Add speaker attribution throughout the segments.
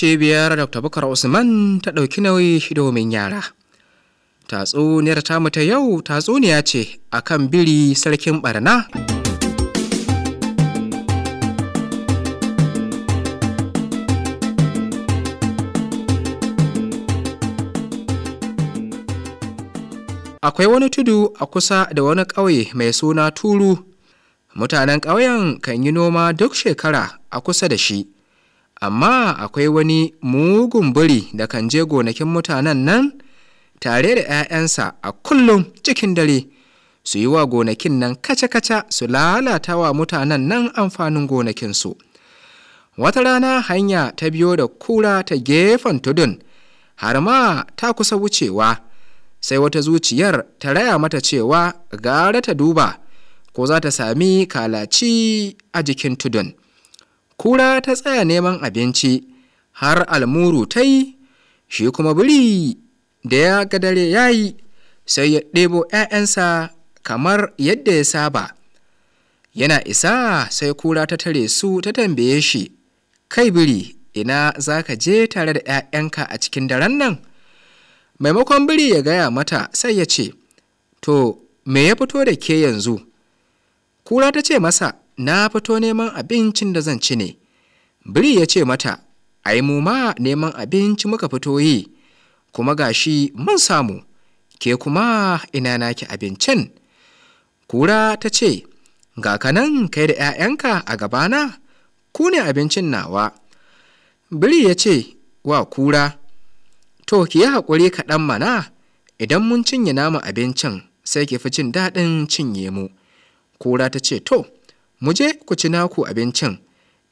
Speaker 1: cibiyar dr bukar usman ta ɗauki nauyi domin yara tatsuniyar tamu ta yau tatsuniya ce a kan biri sarkin ɓarna. akwai wani tudu a kusa da wani ƙauye mai suna turu mutanen ƙauyen kan yi noma duk shekara a kusa da shi amma akwai wani mugun buri da kan je gonakin mutanen nan tare da 'ya'yansa a kullum cikin dare su yi wa gonakin nan kaca-kaca su lalata wa mutanen nan amfanin gonakinsu wata rana hanya ta biyo da kura ta gefen tudun har ma ta kusa wucewa sai wata zuciyar ta raya mata cewa gara ta duba ko za ta sami kalaci a jikin tudun kura ta tsaya neman abinci har almuru ta yi shi kuma biri da ya ga dare ya yi sai ya ɗebo ‘ya'yansa kamar yadda ya saba yana isa sai kura ta tare su ta tambaye shi kai biri ina za ka je tare da ‘ya'yanka a cikin daren nan maimakon biri ya gaya mata sai ya ce to me ya fito da ke yanzu kura ta ce masa na fito neman abincin da zan ci ne biri ya ce mata ai mu ma neman abinci muka fito yi kuma gashi mun samu ke kuma ina naki abincin kura ta ce ga kanan kai da 'ya'yanka a gabana ku ne abincin nawa biri ya ce wa kura to ki yi haƙuri kaɗan mana idan mun cinye nama abincin sai ki fi jin daɗin cinye mu kura ta ce to mu je ku ci naku abincin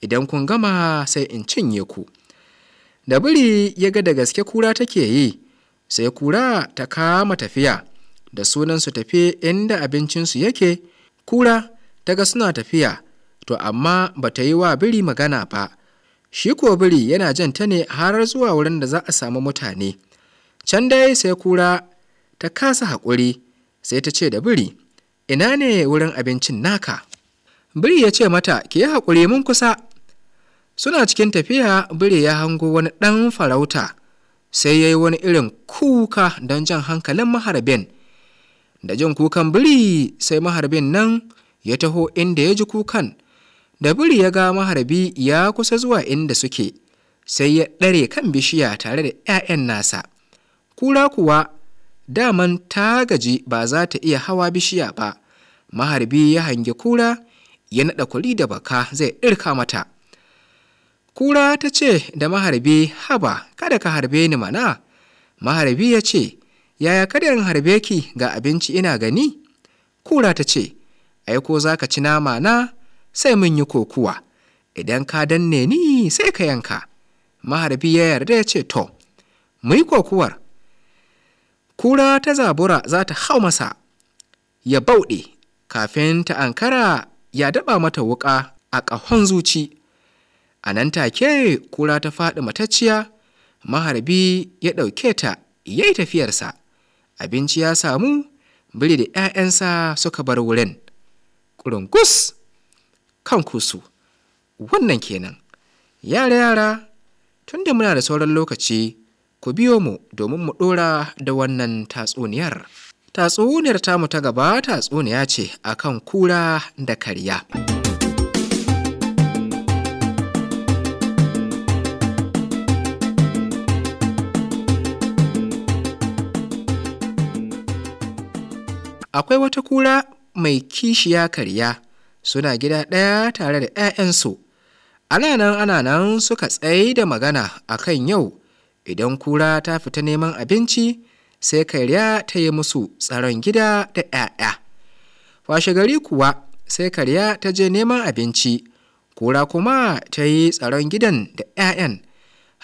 Speaker 1: idan kun gama sai in cinye ku da biri ya ga da gaske kura take yi sai kura ta kama tafiya da sunansu tafi inda abincinsu yake kura ta ga suna tafiya to amma ba ta yi wa biri magana ba shi ko biri yana jan ta ne har zuwa wurin da za a samu mutane can dai sai kura ta kasa haƙuri sai ta ce da biri ina ne wurin abincin naka biri ya ce mata ki yi haƙuri mun kusa suna cikin tafiya biri ya hango wani ɗan farauta sai ya yi wani irin kuka don jan hankalin maharbin da jin kukan biri sai maharbin nan ya taho inda ya ji kukan da biri ya ga maharbi ya kusa zuwa inda suke sai ya ɗare kan bishiya tare da 'ya'yan nasa kura kuwa daman ta gaji ba za ta iya hawa bishiya ba maharbi ya hangi kura ya naɗa kuli da baka zai ɗirka mata kura ta ce da maharbi haba kada ka harbe ni mana maharbi ya ce yaya kada harbe ki ga abinci ina gani kura ta ce aiko za ka ci nama na sai mun yi kokuwa idan ka danne ni sai ka yanka maharbi ya yarda ya ce to mu yi kokuwar kura ta zabura za ta hau masa ya bauɗe kafin ta ankara ya daɓa mata wuƙa a ƙahon zuci a nan take kura ta faɗi matacciya maharbi ya ɗauke ta ya yi tafiyarsa abinci ya samu biri da 'ya'yansa suka bar wurin ƙurungus kan kusu wannan kenan yara yara tun da muna da sauran lokaci ku biyo mu domin mu ɗora da wannan tatsuniyar. tatsuniyar tamu ta gaba tatsuniya ce akan kura da karya akwai wata kura mai kishiya karya suna gida ɗaya tare da 'ya'yansu ana nan ana nan suka tsaye da magana akan yau idan kura ta fita neman abinci sai karya ta yi musu tsaron gida da 'ya'ya Fashegari kuwa sai karya ta je neman abinci kura kuma ta yi tsaron gidan da 'ya'yan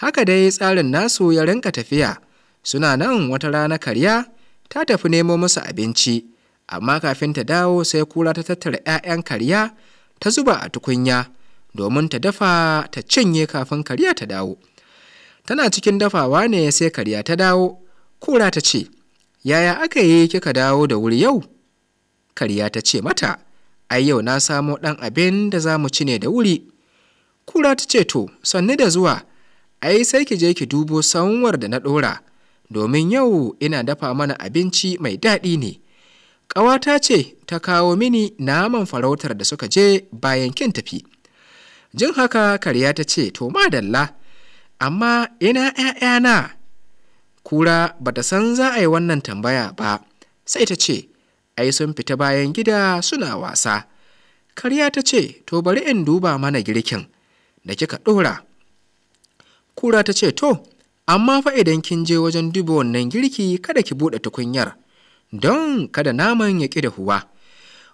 Speaker 1: haka dai tsarin nasu ya rinka tafiya suna nan wata rana karya ta tafi nemo musu abinci amma kafin ta dawo sai kura ta tattara 'ya'yan karya ta zuba a tukunya domin ta dafa ta cinye kafin karya ta dawo tana cikin dafawa ne sai karya ta dawo kura ta ce yaya aka yi kika dawo da wuri yau karya ta ce mata ai yau na samo ɗan abin da za mu ci ne da wuri kura ta ce to sannu da zuwa ai sai ki je ki dubo sanwar da na ɗora domin yau ina dafa mana abinci mai daɗi ne ƙawata ce ta kawo mini naman farautar da suka je bayan kin tafi jin haka karya ta ce to madalla amma ina ‘ya'yana kura ba ta san za a yi wannan tambaya ba sai ta ce ai sun fita bayan gida suna wasa karya ta ce to bari in duba mana girkin da kika ɗora kura ta ce to amma fa idan kin je wajen duba wannan girki kada ki buɗe tukunyar don kada naman ya ƙi da huwa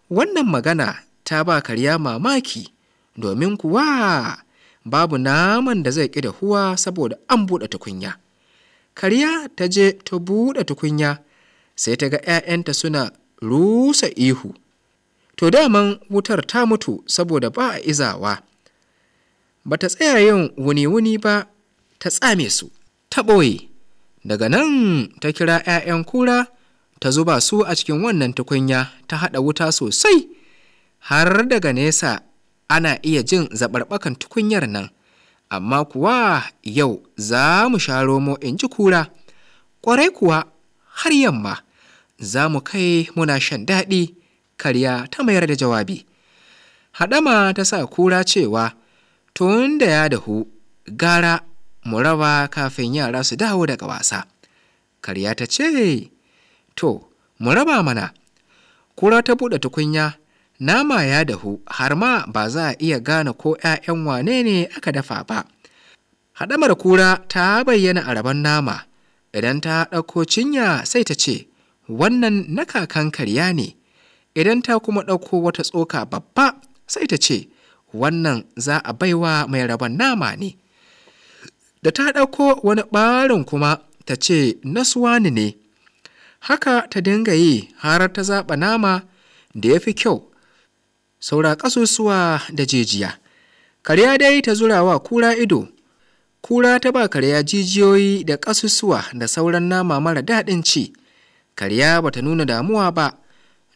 Speaker 1: wannan magana ta ba karya mamaki domin kuwa babu naman da zai ki da huwa saboda an buɗe tukunya kariya ta je ta buɗe tukunya sai ta ga 'ya'yanta suna rusa ihu to daman wutar ta mutu saboda ba a izawa ba ta tsaya yin wuni-wuni ba ta tsame su ta ɓoye daga nan ta kira 'ya'yan kura ta zuba su a cikin wannan tukunya ta haɗa wuta sosai har daga nesa ana iya jin zaɓarɓakan tukunyar nan amma kuwa yau za mu sha romo in ji kura ƙwarai kuwa har yamma za mu kai muna shan daɗi karya ta mayar da jawabi haɗama ta sa kura cewa tun da ya dahu gara mu raba kafin yara su dawo daga wasa karya ta ce to mu raba mana kura ta buɗe tukunya nama ya dahu har ma ba za a iya gane ko 'ya'yan wane ne aka dafa ba haɗamar kura ta bayyana a rabon nama idan ta ɗauko cinya sai ta ce wannan na kakan karya ne idan ta kuma ɗauko wata tsoka babba sai ta ce wannan za a baiwa mai rabon nama ne da ta ɗauko wani ɓarin kuma ta ce nasuwa ne haka ta dinga yi har ta zaɓa nama da ya fi kyau saura ƙasusuwa da jijiya karya dai ta zura wa kura ido kura ta ba karya jijiyoyi da ƙasusuwa da sauran nama mara daɗin ci karya ba ta nuna damuwa ba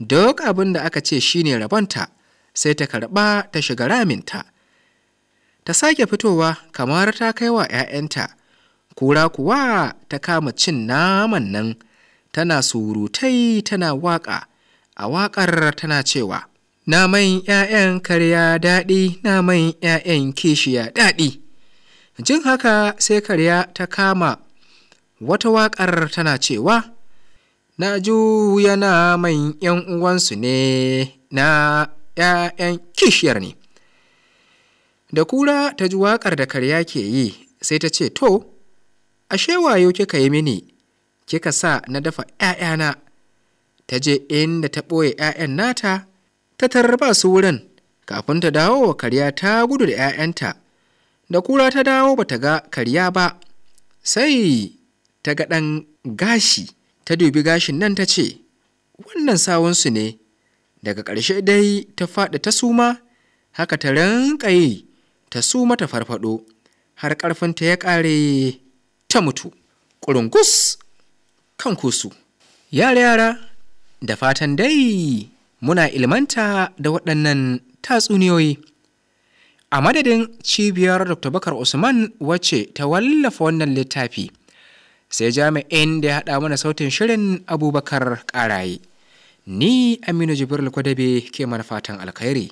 Speaker 1: duk abin da aka ce shine rabonta sai ta karɓa ta shiga raminta ta sake fitowa kamar ta kai wa 'ya'yanta kura kuwa ta kama cin naman nan tana surutai tana waƙa a waƙar tana cewa Na naman ‘ya'yan karya daɗi Na naman ‘ya'yan kishiya daɗi jin haka sai karya ta kama wata waƙar tana cewa na juya naman ‘yan uwansu ne na ‘ya'yan kishiyar ne da kura ta ji waƙar da karya ke yi sai ta ce to ashe wayo kika yi mini kika sa na dafa ‘ya'yana ta je inda ta ɓoye ‘ya'yan nata ta tarba su wurin kafin ta dawo wa karya ta gudu da 'ya'yanta da kura ta dawo ba ta ga karya ba sai ta ga ɗan gashi ta dubi gashin nan ta ce wannan sawunsu ne daga ƙarshe dai ta faɗi ta suma haka ta rinƙaye ta suma ta farfaɗo har ƙarfinta ya ƙare ta mutu ƙurungus kan kusu yara yara da fatan dai muna ilmanta da waɗannan tatsuniyoyi a madadin cibiyar dr bakar usman wacce ta wallafa wannan littafi sai jami'in da ya haɗa mana sautin shirin abubakar ƙaraye ni aminu jibril kwadabe ke mana fatan alkhairi